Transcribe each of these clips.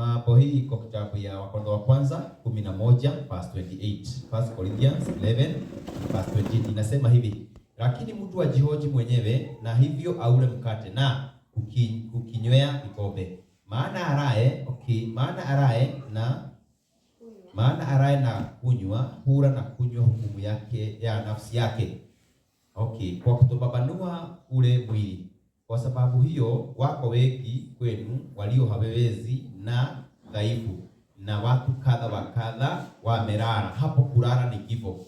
Mambo hii iko kitabu ya Wakorintho wa kwanza 11 verse 28. 1 Corinthians 11 verse 28 inasema hivi, lakini mtu ajihoji mwenyewe na hivyo aule mkate na kukinywea kikombe. Maana arae, okay, maana arae na maana arae na kunywa hura na kunywa hukumu yake ya nafsi yake. Okay, kwa kutobabanua ule mwili. Kwa sababu hiyo wako wengi kwenu walio hawawezi na dhaifu na watu kadha wa kadha wamelala hapo. Kulala ni kifo.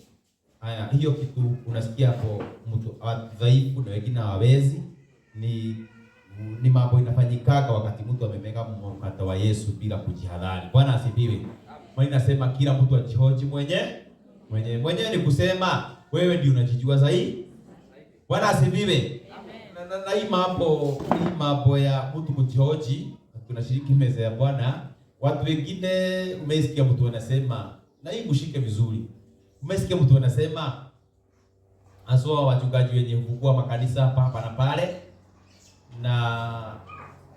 Haya, hiyo kitu unasikia hapo, mtu dhaifu na wengine hawezi, ni ni mambo inafanyikaga wakati mtu amemega mkata wa Yesu bila kujihadhari. Bwana asifiwe. Mimi nasema kila mtu ajihoji mwenye mwenye mwenye, ni kusema wewe ndio unajijua zaidi. Bwana asifiwe. Na, na, na hii mambo hii mambo ya mtu kujihoji tunashiriki meza ya Bwana, watu wengine umesikia mtu anasema na hii mshike vizuri. Umesikia mtu anasema asoa wachungaji wenye kukua makanisa hapa hapa na pale na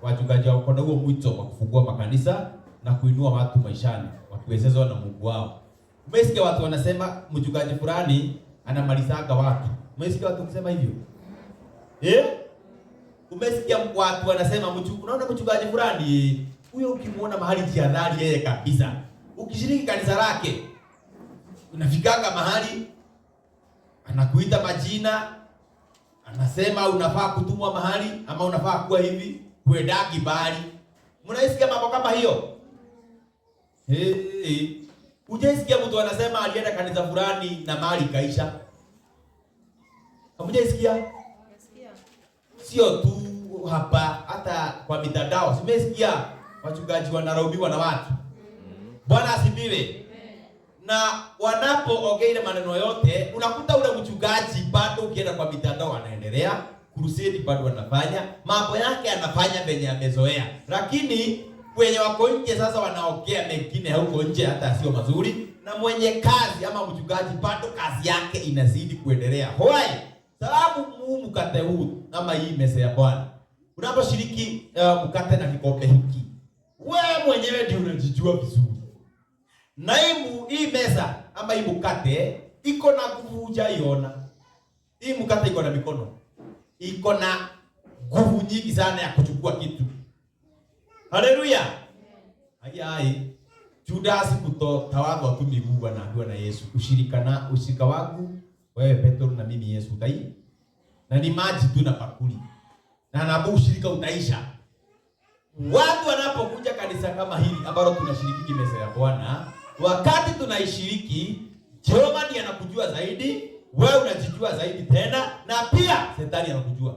wachungaji wako na huo mwito wa kufungua makanisa na kuinua watu maishani wakiwezezwa na Mungu wao. Umesikia watu wanasema mchungaji fulani anamalizaga watu. Umesikia watu kusema hivyo? Eh? Yeah? Umesikia watu wanasema mchu, unaona mchungaji fulani huyo, ukimuona mahali jihadhari yeye kabisa. Ukishiriki kanisa lake unafikanga mahali anakuita majina, anasema unafaa kutumwa mahali ama unafaa kuwa hivi, kwendagi bali. Mnaisikia mambo kama hiyo? Hey, hey. Ujaisikia mtu anasema alienda kanisa fulani na mali kaisha. Hamujaisikia? Sio tu hapa, hata kwa mitandao simesikia wachungaji wanaraumiwa na watu. Bwana asifiwe. Na wanapoongea ile maneno yote, unakuta ule mchungaji bado, ukienda kwa mitandao, anaendelea kurusedi, bado anafanya mambo yake, anafanya venye amezoea, lakini wenye wako nje sasa wanaongea mengine huko nje, hata sio mazuri, na mwenye kazi ama mchungaji bado kazi yake inazidi kuendelea. Hoi, sababu muhimu kate huu ama hii mese ya Bwana unaposhiriki uh, mkate na kikombe hiki, wewe mwenyewe ndio unajijua vizuri. Naimu hii meza ama hii mkate iko na nguvu, hujaiona hii mkate iko na mikono, iko na nguvu nyingi sana ya kuchukua kitu. Haleluya! Ayai Judas kuto tu miguu anaambiwa na Yesu, ushirikana ushirika wangu wewe Petro na mimi Yesu utai na ni maji tu na pakuli na napo ushirika utaisha. Watu wanapokuja kanisa kama hili ambalo tunashiriki meza ya Bwana, wakati tunaishiriki, Jomani anakujua zaidi, wewe unajijua zaidi tena, na pia shetani anakujua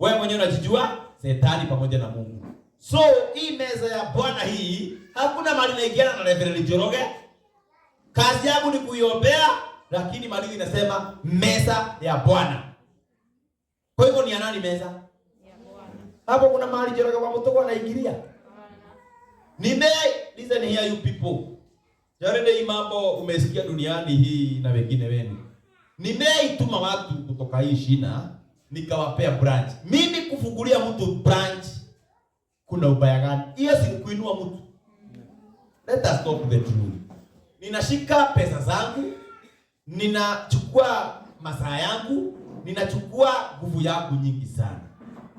wewe mwenyewe, unajijua shetani pamoja na Mungu. So hii meza ya Bwana hii hakuna mali naigiana na Reverend Njoroge. Kazi yangu ni kuiombea, lakini mali inasema meza ya Bwana. Kwa hivyo ni anani meza? Hapo kuna mahali jeroga kwa Mutoko anaingilia. Ni Nime listen here you people. Jarende hii mambo umesikia duniani hii na wengine wenu. Nimeituma watu kutoka hii shina nikawapea branch. Mimi kufungulia mtu branch kuna ubaya gani? Hiyo si kuinua mtu. Let us talk the truth. Ninashika pesa zangu, ninachukua masaa yangu, ninachukua nguvu yangu nyingi sana.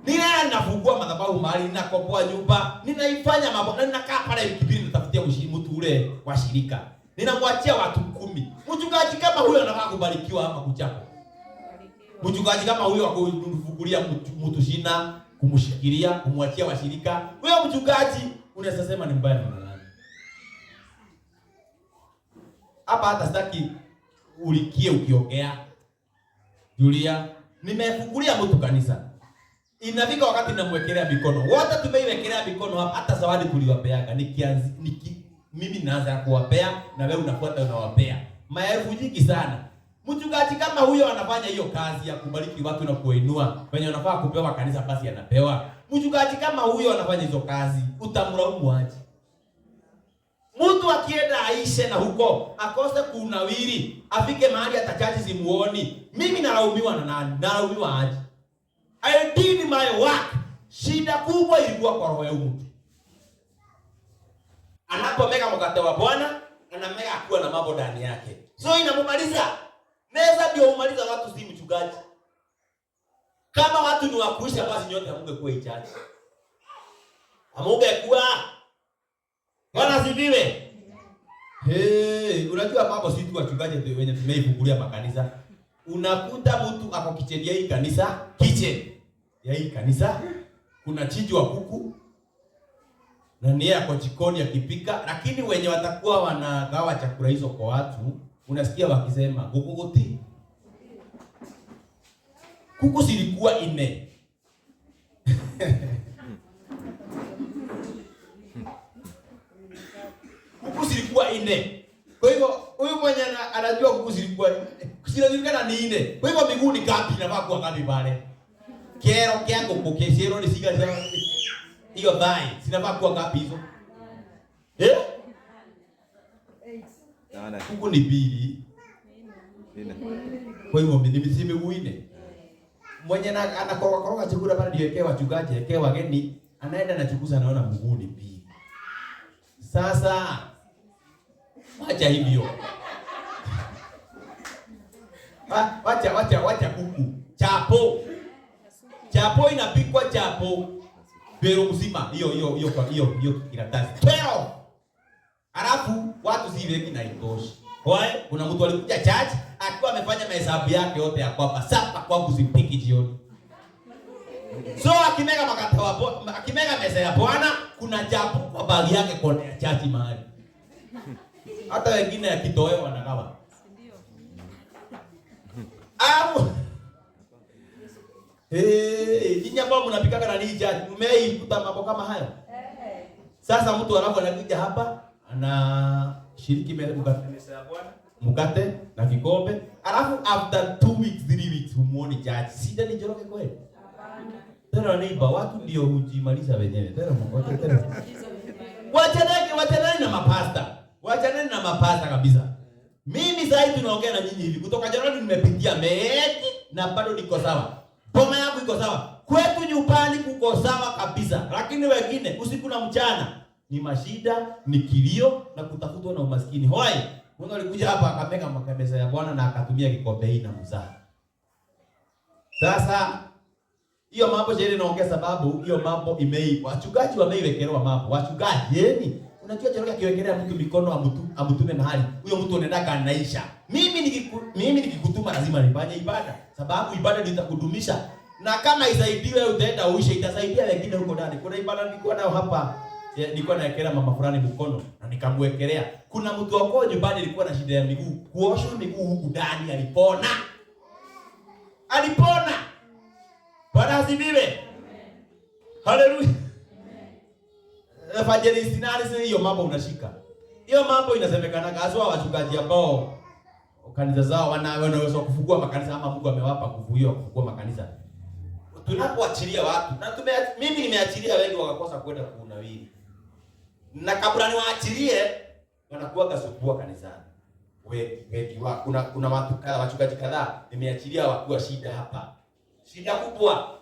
Nina nafungua madhabahu mahali ninakopoa nyumba, ninaifanya mambo na ninakaa pale wiki mbili natafutia mtu ule wa shirika. Ninamwachia watu kumi. Mchungaji kama huyo anataka kubarikiwa ama kuchapa. Mchungaji kama huyo wa kufungulia mtu shina, kumshikilia, kumwachia washirika. Wewe mchungaji unaweza sema ni mbaya na nani? Hapa hata sitaki ulikie ukiongea. Julia, nimefungulia mtu kanisa. Inafika wakati namwekelea mikono. Wote tumeiwekelea mikono hapa, hata zawadi tuliwapeaga. Nikianzi niki mimi naanza kuwapea na wewe unafuata unawapea. Maelfu nyingi sana. Mchungaji kama huyo anafanya hiyo kazi ya kubariki watu na kuinua. Wenye wanafaa kupewa kanisa basi anapewa. Mchungaji kama huyo anafanya hizo kazi, utamlaumu aje? Mtu akienda aishe na huko, akose kunawiri, afike mahali atachaji simuoni, mimi nalaumiwa na nani? Nalaumiwa aje? I did my work. Shida kubwa ilikuwa kwa roho ya mtu. Anapomega mkate wa Bwana, anamega akiwa na mambo ndani yake. So inamumaliza. Meza ndio umaliza watu si mchungaji. Kama watu ni wakuisha basi nyote amuge hamngekuwa ichaji. Amuge Hamungekuwa. Bwana sifiwe. Hey, unajua mambo si tu wachungaji wenye tumeifungulia makanisa unakuta mtu ako kitchen ya hii kanisa, kitchen ya hii kanisa kuna chiji wa kuku na niye ako jikoni akipika, lakini wenye watakuwa wanagawa chakula hizo kwa watu, unasikia wakisema gukuguti. Kuku zilikuwa ine kuku zilikuwa ine. Kwa hivyo huyu mwenye anajua kuku zilikuwa ine Sinajulikana ni nne. Kwa hivyo miguu ni ngapi inafaa kuwa ngapi pale? Kero kyangu pokeshero ni siga sana. iyo bai, sinafaa kuwa ngapi hizo? Eh? Naona. ni bili. Kwa hivyo mimi si miguu nne. Mwenye na anakoroga koroga chakula pale ndio ekewa chugaji, ekewa geni, anaenda na chukusa naona mguu ni bili. Sasa acha hivyo wacha wacha wacha kuku chapo chapo inapikwa chapo pero mzima hiyo hiyo hiyo kwa hiyo hiyo kiratasi pero alafu watu si wengi na itoshi kwae kuna mtu alikuja church akiwa amefanya mahesabu yake yote ya kwamba sasa kwa kuzipiki jioni so akimega makata wapo akimega meza ya Bwana kuna chapo kwa bali yake kwa ya church mahali hata wengine akitoewa wanagawa Amu. Eh, nyinyi ambao mnapikaka na nija, mmeikuta mambo kama hayo? Sasa mtu anapo anakuja hapa ana shiriki mbele mkate mkate na kikombe. Alafu after two weeks, three weeks humuoni jaji. Sida ni joroke kweli? Hapana. Tena neiba watu ndio hujimaliza wenyewe. Tena mkote tena. Wachaneni, wachaneni na mapasta. Wachaneni na mapasta kabisa. Mimi sasa hivi tunaongea na nyinyi hivi. Kutoka Januari nimepitia meeti na bado niko sawa. Boma yangu iko sawa. Kwetu nyumbani kuko sawa kabisa. Lakini wengine usiku na mchana ni mashida, ni kilio na kutafutwa na umaskini. Hoi, Mungu alikuja hapa akameka makamesa ya Bwana na akatumia kikombe hii na mzaa. Sasa hiyo mambo je, naongea sababu hiyo mambo imeibwa. Wachungaji wameiwekewa mambo. Wachungaji yeni Unajua Njoroge akiwekelea mtu mikono amutu, amutume mahali. Huyo mtu unaendaka anaisha. Mimi nikiku, mimi nikikutuma lazima nifanye ibada. Sababu ibada itakudumisha. Na kama isaidiwe utaenda uishe itasaidia wengine huko ndani. Kuna ibada nilikuwa nayo hapa. E, nilikuwa naekelea mama fulani mkono na nikamwekelea. Kuna mtu wako nyumbani alikuwa na shida ya miguu. Kuoshwa miguu huko ndani alipona. Alipona. Bwana asifiwe. Haleluya evangelist nani, hiyo mambo unashika hiyo mambo inasemekana kazi haswa wachungaji ambao kanisa zao wana wanaweza kufungua makanisa ama Mungu amewapa nguvu hiyo kufungua makanisa. Tunapoachilia watu na tume, mimi nimeachilia wengi wakakosa kwenda kunawiri, na kabla niwaachilie wanakuwa kasumbua kanisani. We we, kuna kuna watu kadhaa wachungaji kadhaa nimeachilia wakuwa shida hapa, shida kubwa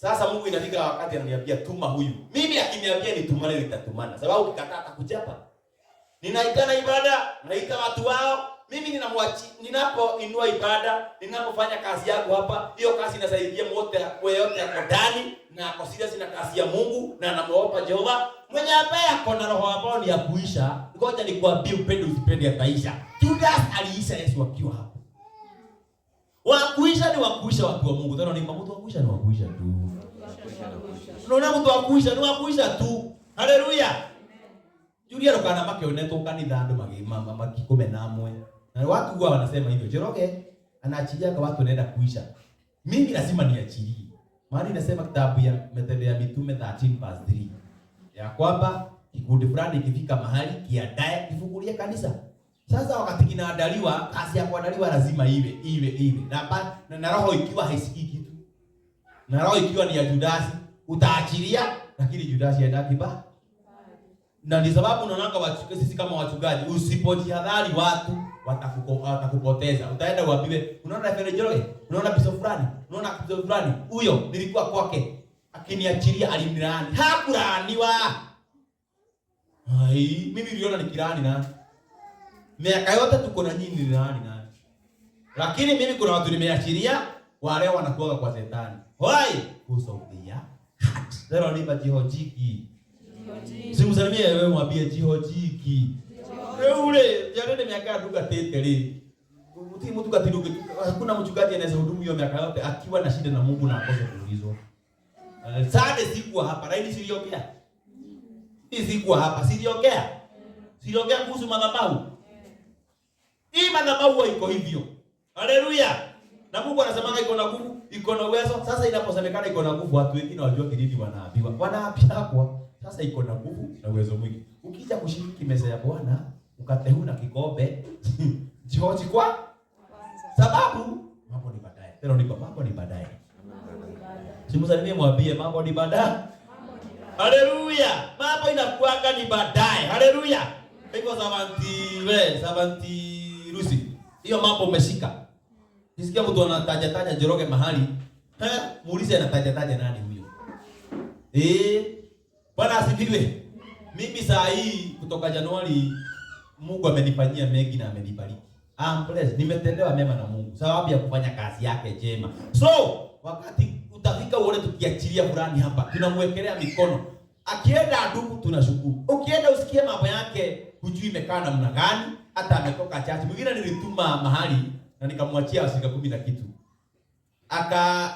sasa Mungu inafika wakati ananiambia tuma huyu. Mimi akiniambia nitumane nitatumana. Sababu ukikataa atakuchapa. Ninaitana ibada, naita watu wao. Mimi ninamwachi, ninapoinua ibada, ninapofanya kazi yangu hapa, hiyo kazi inasaidia mwote wote yote yako ndani na kwa sisi na kazi ya Mungu na anamuomba Jehova. Mwenye ambaye yako na roho ambayo ni ya kuisha, ngoja nikwambie, upende usipende ataisha. Judas aliisha Yesu akiwa hapo. Wakuisha ni wakuisha watu wa Mungu. Tena ni mtu wakuisha ni wakuisha tu. Unaona mtu wakuisha ni wakuisha tu. Haleluya. Julia rukana make oneto kanitha andu magimama makikume namwe. Na na watu huwa wanasema hivyo. Jeroge anaachia kwa watu naenda kuisha. Mimi lazima niachilie. Maana inasema kitabu ya Matendo ya Mitume 13 3 ya kwamba kikundi fulani kifika mahali kiadae kifungulie kanisa. Sasa wakati kinaandaliwa, kazi ya kuandaliwa lazima iwe iwe iwe na, na, na roho ikiwa haisikii kitu na roho ikiwa ni ya Judasi utaachilia, lakini Judasi hataki ba na ni sababu unaonanga watu sisi kama wachungaji, usipojihadhari watu watakuko watakupoteza. Utaenda uambiwe, unaona Ferejole, unaona piso fulani, unaona piso fulani, huyo nilikuwa kwake, akiniachilia alimlaani. Hakulaaniwa. Hai, mimi niliona nikilaani na miaka yote tuko na nyinyi ni nani nani, lakini mimi kuna watu nimeachilia, wale wanakuwa kwa shetani. Hoi, Because of their ni Leo hojiki. jihojiki. Simsalimie wewe, mwambie jihojiki. Wewe ule jana miaka duka tete ri. Muti mtu katiruke. Hakuna mchungaji anaweza hudumu hiyo miaka yote akiwa na shida na Mungu na akose kuulizwa. Eh, Sade sikuwa hapa, lakini siliongea. Hii sikuwa hapa, siliongea. Siliongea kuhusu madhabahu milima na maua iko hivyo. Haleluya. Na Mungu anasema iko na nguvu, iko na uwezo. Sasa inaposemekana iko na nguvu, watu wengine wajua kidini wanaambiwa. Wanaapishwa. Sasa iko na nguvu na uwezo mwingi. Ukija kushiriki meza ya Bwana, ukateuna kikombe, jioji kwa sababu mambo ni baadaye. Tena ni mambo ni baadaye. Simsalimie mwambie mambo ni baadaye. Haleluya. Mambo inakuanga ni baadaye. Haleluya. Iko savanti we, savanti hiyo mambo umeshika. Nisikia mtu anataja taja Njoroge mahali, eh, muulize anataja taja nani huyo? Eh, Bwana asifiwe. Mimi saa hii kutoka Januari Mungu amenifanyia mengi na amenibariki. I'm blessed. Nimetendewa mema na Mungu. Sababu ya kufanya kazi yake jema. So, wakati utafika uone tukiachilia fulani hapa, tunamwekelea mikono. Akienda ndugu tunashukuru. Ukienda usikie mambo yake, hujui imekaa namna gani hata ametoka chache. Mwingine nilituma mahali na nikamwachia asilimia kumi na kitu, aka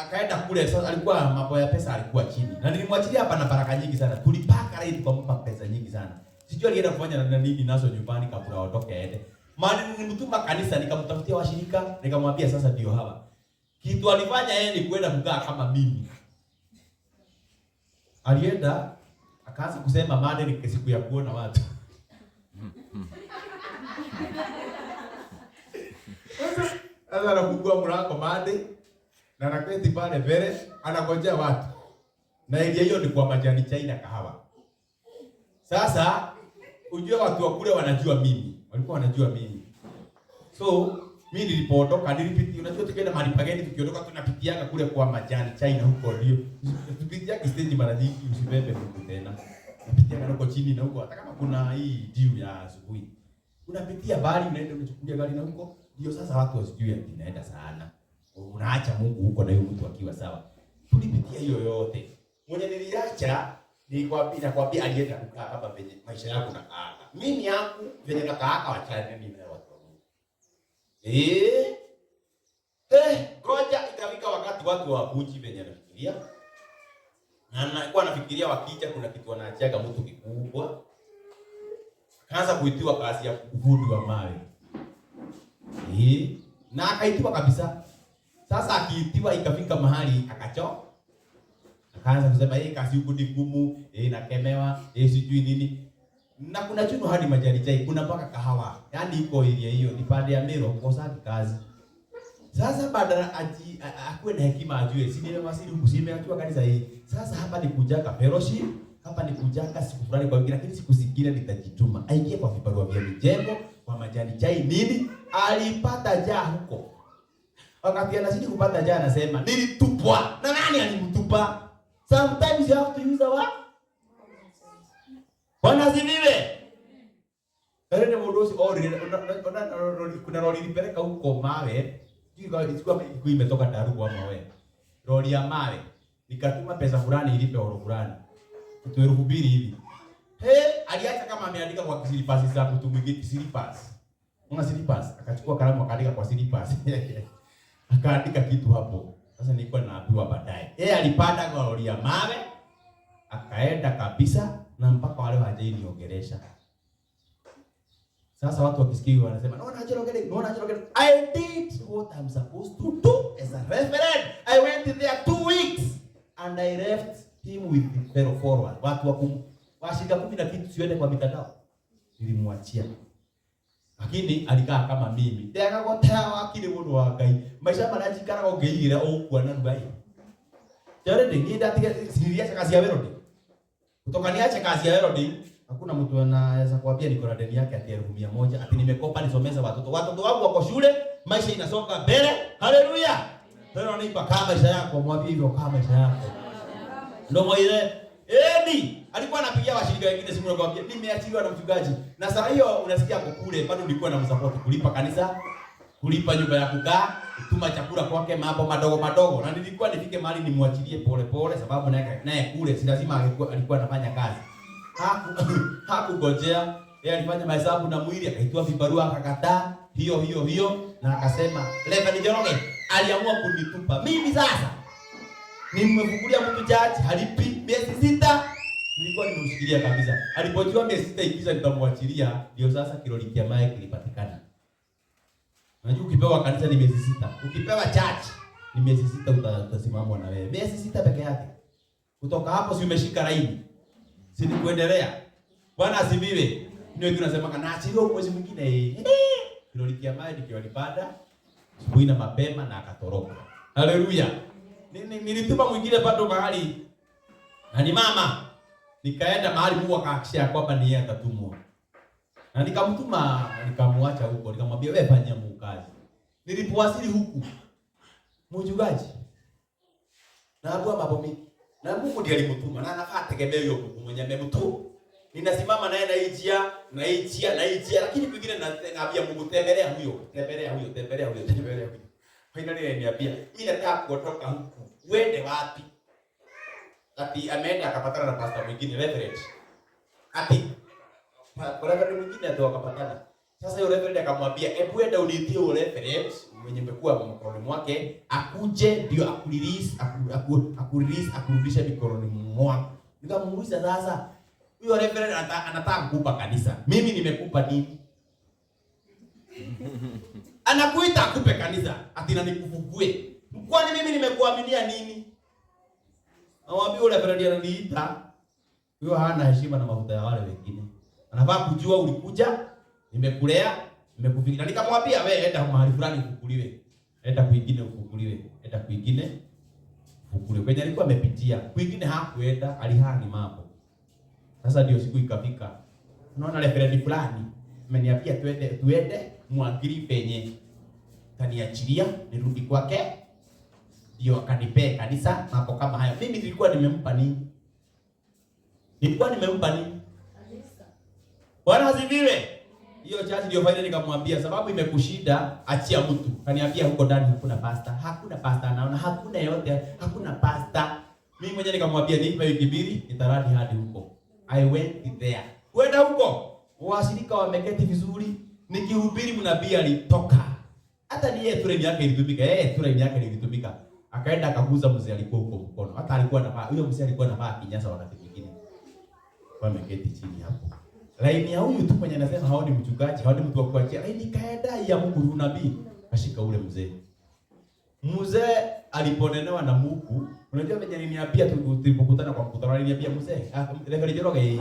akaenda kule. Sasa alikuwa mambo ya pesa alikuwa chini, na nilimwachilia hapa na baraka nyingi sana, tulipaka rate tukampa pesa nyingi sana. Sijui alienda kufanya na nini nazo nyumbani kabla aondoke aende. Maana nilimtuma kanisa, nikamtafutia washirika, nikamwambia sasa ndio hawa. Kitu alifanya yeye ni kwenda kukaa kama mimi. Alienda akaanza kusema maana ni siku ya kuona watu. Hmm, hmm. Sasa sasa anafungua mlango mande na anaketi pale mbele anangojea watu. Na ile hiyo ni kwa majani chai na kahawa. Sasa ujue watu wa kule wanajua mimi. Walikuwa wanajua mimi. So mimi nilipoondoka nilipiti, unajua tukaenda mahali pageni, tukiondoka tunapitiaga kule kwa majani chai na huko ndio. Tupitia kistage mara nyingi, usibebe mtu tena. Napitianga huko chini na huko hata kama kuna hii jiu ya asubuhi. Unapitia bali unaenda unachukulia gari na huko ndio sasa watu wasijui inaenda sana. Unaacha Mungu huko na yule mtu akiwa sawa. Tulipitia hiyo yote. Mwenye niliacha nilikwambia nakwambia alienda kukaa kama venye maisha yako na kaka. Mimi yangu venye na kaaka wachana mimi na watu wangu. Eh? Eh, ngoja itafika wakati watu wa kuji venye nafikiria. Na anakuwa nafikiria wakija kuna kitu wanaachaga mtu kikubwa kaanza kuitiwa kazi ya ufundi wa mawe eh, na akaitiwa kabisa. Sasa akiitiwa ikafika mahali akacho akaanza kusema hii eh, kazi huko ni ngumu, eh nakemewa, eh sijui nini. Na kuna chuno hadi majani chai, kuna mpaka kahawa. Yaani iko ile hiyo ni pande ya Mero kosa kazi. Sasa badala aji akuwe na hekima ajue, si ni nimewasili huku, simeatua kanisa hii. Sasa hapa ni kujaka fellowship hapa ni kujanga siku fulani kwa wiki, lakini siku zingine nitajituma. Aingie kwa vibarua vya mijengo, kwa majani chai nini, alipata jaa huko. Wakati anazidi kupata jaa anasema nilitupwa. Na nani alimtupa? Sometimes you have to use our Bwana zivive. Erene modosi ori kuna lori lipeleka huko mawe. kwa ilikuwa imetoka Daru kwa mawe. Lori ya mawe. Nikatuma pesa fulani ilipe oro fulani tueruhubiri hivi. Hey, aliacha kama ameandika kwa slippers za mtu mwingine slippers. Una slippers, akachukua kalamu akaandika kwa slippers akaandika kitu hapo. Sasa nilikuwa naambiwa baadaye. Yeye alipanda kwa lori ya mawe akaenda kabisa na mpaka wale hawajaniongelesha. Sasa watu wakisikia wanasema, naona Angelo Gere, naona Angelo Gere. I did what I'm supposed to do as a referent. I went there two weeks and I left Him with zero forward. Watu wa washika kumi na kitu siende kwa mitandao. Nilimwachia. Lakini alikaa kama mimi. Ndeka gotea wakili mundu wa Ngai. Maisha maraji kana ngogeira okwa na Ngai. Tare de ngida tiga siria chakazi ya Herod. Kutoka niache kazi ya Herod, hakuna mtu anaweza kuambia niko na deni yake ati elfu mia moja ati nimekopa nisomeza watoto. Watoto wangu wako shule, maisha inasonga mbele. Haleluya. ni unaipa kama maisha yako, mwambie hivyo kama maisha yako. Ndio mwile Edi alikuwa anapigia washirika wengine simu na kumwambia nimeachiliwa na mchungaji. Na saa hiyo unasikia kukule bado ulikuwa na msapoti kulipa kanisa, kulipa nyumba ya kukaa, kutuma chakula kwake mambo madogo madogo. Na nilikuwa nifike mahali nimwachilie pole pole sababu naye naye kule si lazima alikuwa, alikuwa anafanya kazi. Haku haku yeye alifanya mahesabu na mwili akaitoa vibarua akakataa hiyo hiyo hiyo na akasema leva nijoroge. aliamua kunitupa mimi sasa Nimekukulia mtu charge halipi miezi sita. Nilikuwa nimemshikilia kabisa. Alipojua miezi sita ikiisha nitamwachilia, ndio sasa kilo likia mai kilipatikana. Unajua ukipewa kanisa ni miezi sita. Ukipewa charge ni miezi sita utasimama na wewe. Miezi sita peke yake. Kutoka hapo si umeshika laini. Si ni kuendelea. Bwana asibiwe. Ndio tunasema na achiliwa mwezi mwingine. Eh, eh. Kilo likia mai nikiwa nipanda asubuhi na mapema na akatoroka. Haleluya nilitupa mwingine bado mahali na ni mama, nikaenda mahali huko, akaakishia kwamba ni yeye atatumwa, na nikamtuma, nikamwacha huko, nikamwambia wewe fanyia mukazi. Nilipowasili huku mchungaji na hapo mambo mingi, na Mungu ndiye alimtuma, na anafaa tegemea hiyo Mungu mwenye amemtuma. Ninasimama naye naijia naijia naijia, na hii na hii lakini mwingine naambia Mungu, tembelea huyo, tembelea huyo, tembelea huyo, tembelea huyo kwa hivyo niliniambia mimi nataka kutoka huku. Uende wapi? Ati ameenda akapatana na pastor mwingine Reverend. Ati kwa Reverend mwingine ndio akapatana. Sasa yule Reverend akamwambia, "Hebu enda uliitie yule Reverend mwenye amekuwa mkononi mwake, akuje ndio akurelease, aku akurelease, akurudisha mikononi mwako." Nikamuuliza sasa, "Huyo Reverend anataka kukupa kanisa. Mimi nimekupa nini?" anakuita akupe kanisa atina nikufukue. nikufugue. Kwani mimi nimekuaminia nini? Nawaambia ule brother ananiita. Huyo hana heshima na mafuta ya wale wengine. Anafaa kujua ulikuja, nimekulea, nimekufikiri. nikamwambia wewe enda mahali fulani ufukuliwe. Enda kwingine ufukuliwe. Enda kwingine ufukuliwe. Kwenye alikuwa amepitia. Kwingine hakuenda, alihani mambo. Sasa ndio siku ikafika. Unaona ile brother fulani ameniambia tuende tuende mwagiri penye kaniachilia nirudi kwake, ndio akanipea kanisa. Mambo kama hayo mimi nilikuwa nimempa nini? Nilikuwa nimempa nini? Bwana asifiwe. Hiyo chaji ndio faida, nikamwambia sababu imekushinda, achia mtu. Kaniambia huko ndani hakuna pasta, hakuna pasta anaona, hakuna yote, hakuna pasta. Mimi mwenyewe nikamwambia nipe wiki mbili, nitarudi hadi huko. I went there. Kwenda huko, washirika wameketi vizuri, nikihubiri mnabii alitoka, hata ni yeye thureni yake ilitumika, yeye thureni yake ilitumika, akaenda akaguza mzee alikuwa huko mkono, hata alikuwa na huyo mzee alikuwa na maa kinyasa. Wakati mwingine mgeti chini hapo, laini ya huyu tu kwenye anasema haoni mchungaji, haoni mtu wa kuachia laini, kaenda ya Mungu nabii kashika ule mzee. Mzee aliponenewa na Mungu, unajua venye aliniambia tulipokutana kwa mkutano, aliniambia mzee, ah, Reverend Njoroge,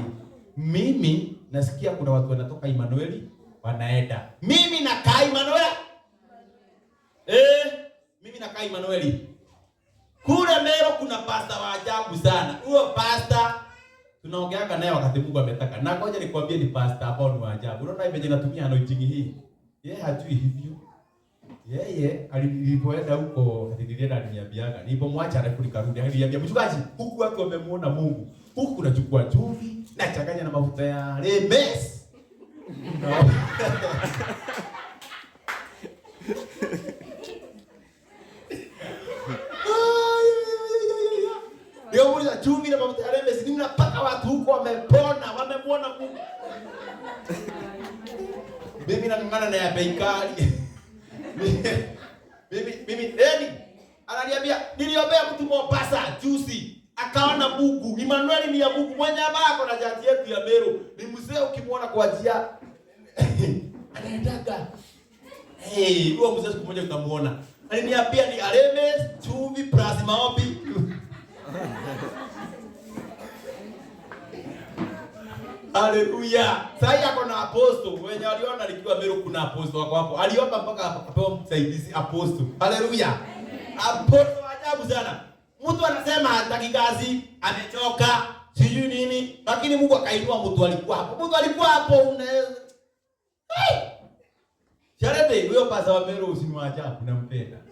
mimi nasikia kuna watu wanatoka Emanueli wanaenda. Mimi na Kai Manuel eh, mimi na Kai Manuel kule Meru kuna pasta wa ajabu sana. Huo pasta tunaongeaga naye wakati Mungu ametaka. Na ngoja nikwambie ni pasta ambao ni wa ajabu. Unaona imeje natumia anointing hii. Yeye hajui hivyo. Yeye alipoenda huko nilienda aliniambiaga. mwacha anakulika nikarudi. Aliniambia mchungaji, huku wake wamemuona Mungu. Huku nachukua chumvi, na changanya na mafuta ya remes. No. Nikamuuliza watu huko wamepona, wamemwona Mungu. Mimi nang'ang'ana na ya Beikali. Mimi mimi Deni ananiambia niliombea mtu Mombasa juzi akaona Mungu. Emmanuel ni ya Mungu mwenye bako na jati yetu ya Meru mzee ukimwona kwa njia anaendaga hey, huo mzee siku moja utamuona. aliniambia ni Alemes chumvi plus maombi Haleluya. Sasa yako na aposto. Wenye waliona likiwa Meru kuna aposto wako hapo. Aliomba mpaka apewa msaidizi aposto. Haleluya. Aposto ajabu sana. Mtu anasema hataki kazi, amechoka, sijui nini, lakini Mungu akainua mtu alikuwa hapo, mtu alikuwa hapo. Unaweza Sharebe huyo pasa wa Meru usiniwacha, unampenda